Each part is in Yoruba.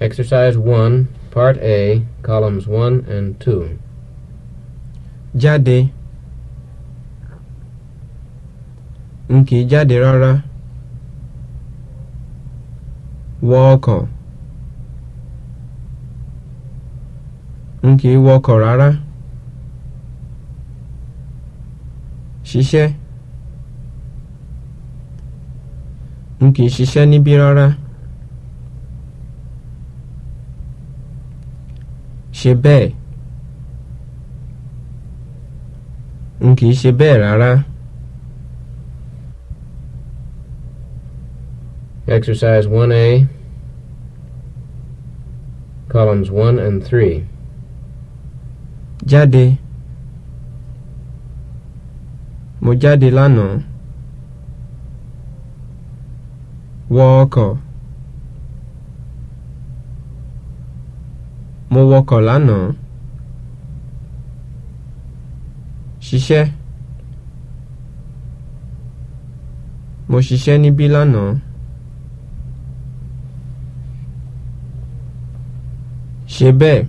Exercise 1, Part A, columns 1 and 2. Jáde. N kì rara jáde rárá. Wọ ọkọ̀. N kì í wọkọ̀ rárá. Ṣiṣẹ́. N ṣe bẹ́ẹ̀ n kì í ṣe bẹ́ẹ̀ rárá. Exercise 1A, columns 1 and 3. Jáde. Mo jáde lánàá. Wọ ọkọ̀. Mo wọkọ̀ lánàá. Ṣiṣẹ́. Mo ṣiṣẹ́ níbí lánàá. Ṣe bẹ́ẹ̀.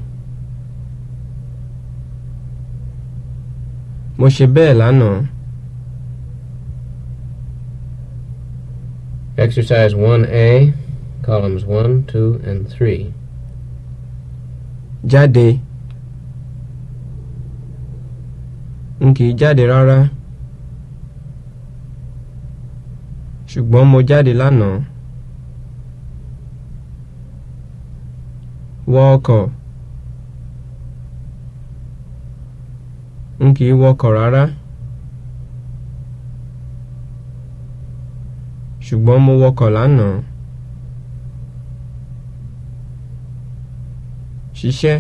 Mo ṣe bẹ́ẹ̀ lánàá. Exercise 1A, columns 1, 2, and 3. jáde n kì í jáde rárá ṣùgbọ́n mo jáde lánàá wọ ọkọ̀ n kì í wọkọ̀ rárá ṣùgbọ́n mo wọkọ̀ lánàá. ṣiṣẹ́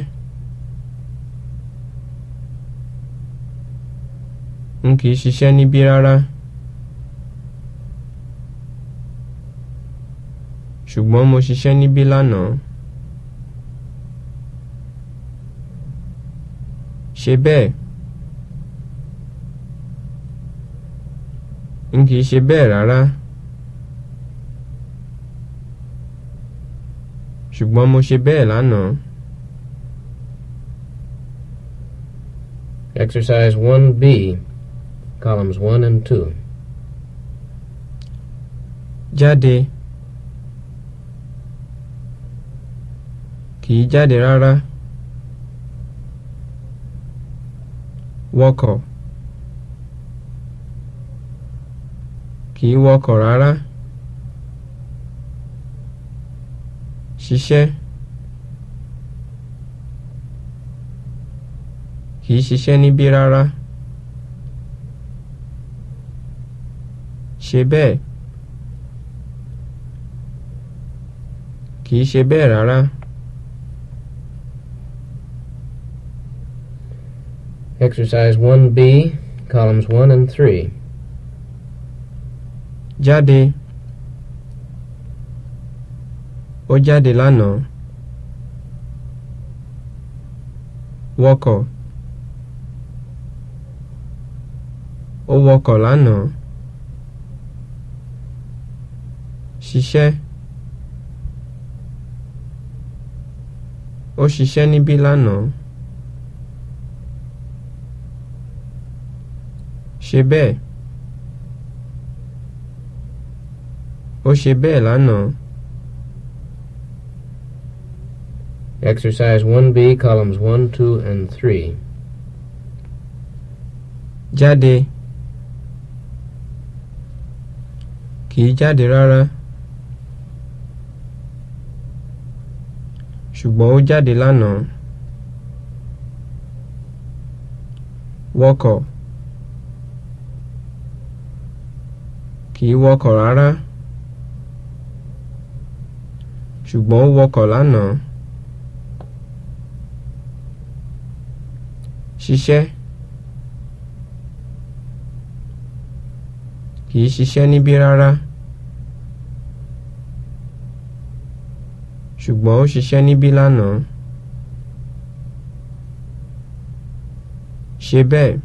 n kì í ṣiṣẹ́ níbí rárá ṣùgbọ́n mo ṣiṣẹ́ níbí lánàá ṣe bẹ́ẹ̀ n kì í ṣe bẹ́ẹ̀ rárá ṣùgbọ́n mo ṣe bẹ́ẹ̀ lánàá. Exercise 1B, columns 1 and 2. Jáde. Kì derada jáde rárá. Wọkọ̀. Kì í wọkọ̀ rárá. kìí ṣiṣẹ́ níbí rárá. ṣe bẹ́ẹ̀ kìí ṣe bẹ́ẹ̀ rárá. Exercise one b columns one and three. Jáde. Ó jáde lánàá. Wọkọ̀. Ó wọkọ̀ lánàá. Ṣiṣẹ́. Ó ṣiṣẹ́ níbí lánàá. Ṣe bẹ́ẹ̀. Ó ṣe bẹ́ẹ̀ lánàá. Exercise 1B, columns 1, 2, and 3. Jáde. kìí jáde rárá ṣùgbọ́n ó jáde lánàá wọkọ̀ kìí wọkọ̀ rárá ṣùgbọ́n ó wọkọ̀ lánàá ṣiṣẹ́ kìí ṣiṣẹ́ níbí rárá. ṣùgbọ́n ó ṣiṣẹ́ níbí lánàá. ṣe bẹ́ẹ̀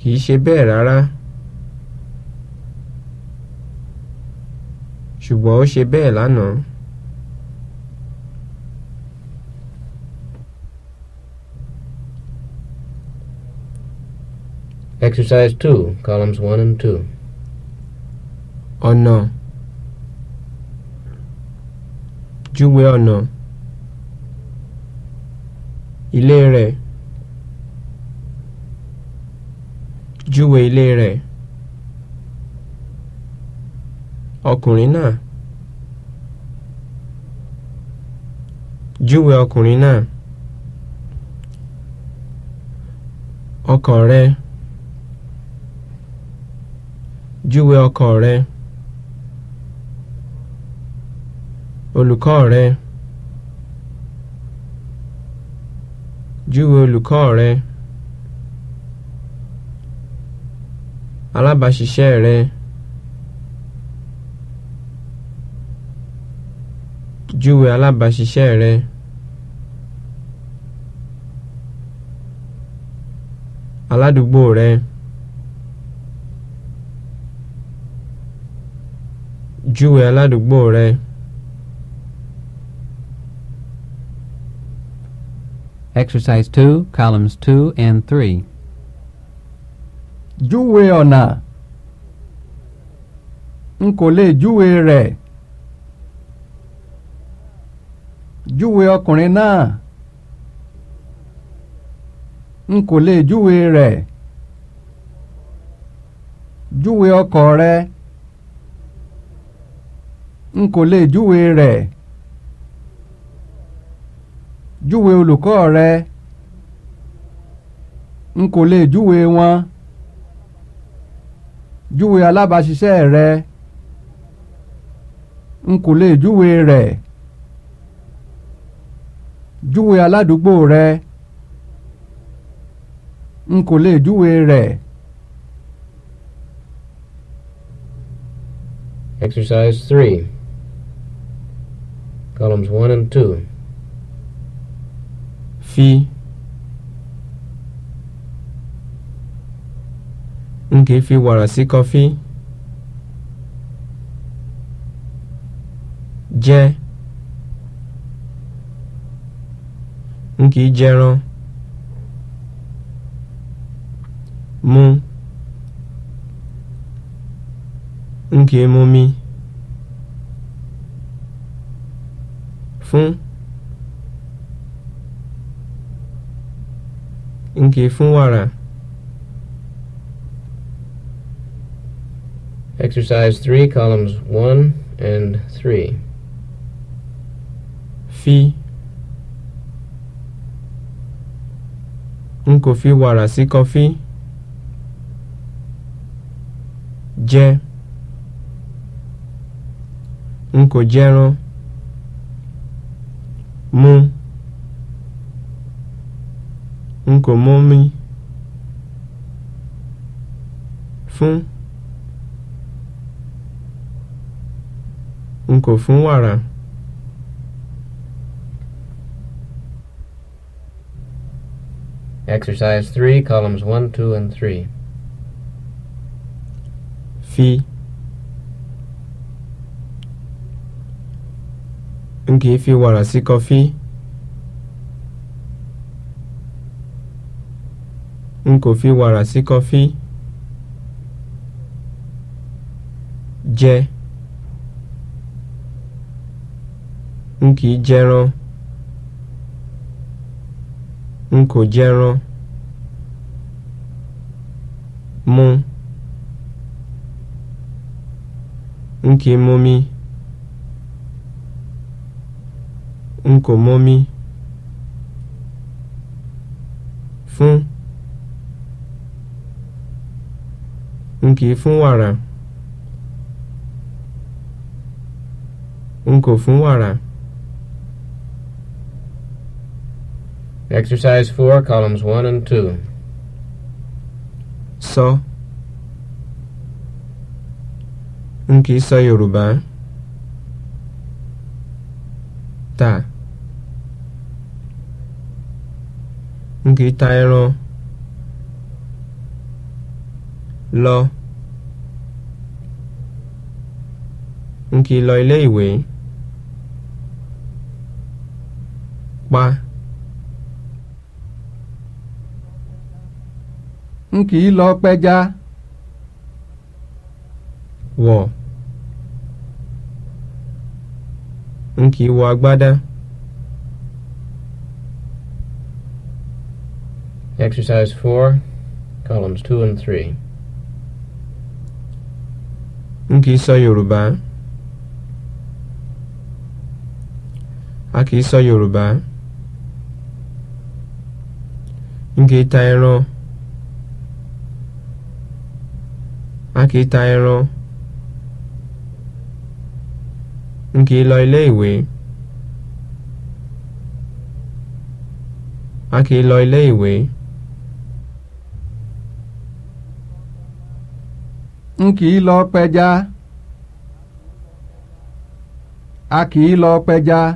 kìí ṣe bẹ́ẹ̀ rárá ṣùgbọ́n ó ṣe bẹ́ẹ̀ lánàá. Exercise two, columns one and two. Ọ̀nà. Oh, no. júwe ọ̀nà ilé rẹ̀ júwe ilé rẹ̀ ọkùnrin náà júwe ọkùnrin náà ọkàn rẹ̀ júwe ọkàn rẹ̀. olùkọ́ rẹ júwe olùkọ́ rẹ alábàáṣiṣẹ́ rẹ júwe alábàáṣiṣẹ́ rẹ. aládùúgbò rẹ júwe aládùúgbò rẹ. Exercise 2, columns 2 and 3. Júwe ọ̀nà. N kò lè júwe rẹ̀. Júwe ọkùnrin náà. N kò lè júwe rẹ̀. re. ọkọ̀ rẹ. N kò júwe olùkọ́ rẹ n kò lè júwe wọn júwe alábàáṣiṣẹ́ rẹ n kò lè júwe rẹ̀ júwe aládùúgbò rẹ n kò lè júwe rẹ̀. Exercise 3, columns 1 and 2 fi n kì fi wàrà sí kọfí jẹ n kì í jẹran mu n kì í fún. ń gé fún Exercise 3, columns 1 and 3. Fi. N kò fi wàrà sí kọfí. Jẹ. N kò jẹran. Mu n kò mọmi fún n fún wàrà. Exercise three columns one, two, and three. Fi. N kì í fi wàrà sí kọfí. n kò fi wàrà sí kọfí. jẹ n kì í jẹran n kò jẹran mu n kì í mumi n kò mumi fún. kì í fún wàrà. n kò fún wàrà. Exercise 4, columns 1 and 2. Sọ. N kì í sọ Yorùbá. Tà. N kì í ta ẹran. Lọ. n kì í lọ ilé ìwé pa n kì í lọ pẹja wọ̀ n kì í wọ agbádá. Exercise four, columns two and three. N kì í sọ Yorùbá. a kì í sọ Yorùbá Nkìí ta ẹran a kì ta ẹran Nkìí lọ ilé ìwé a lọ ilé ìwé. Nkìí lọ pẹja a kì lọ pẹja.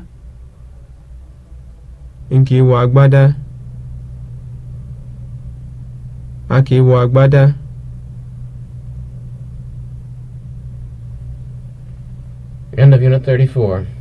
nke ịwụ agbada aka ịwụ agbada End of Unit 34.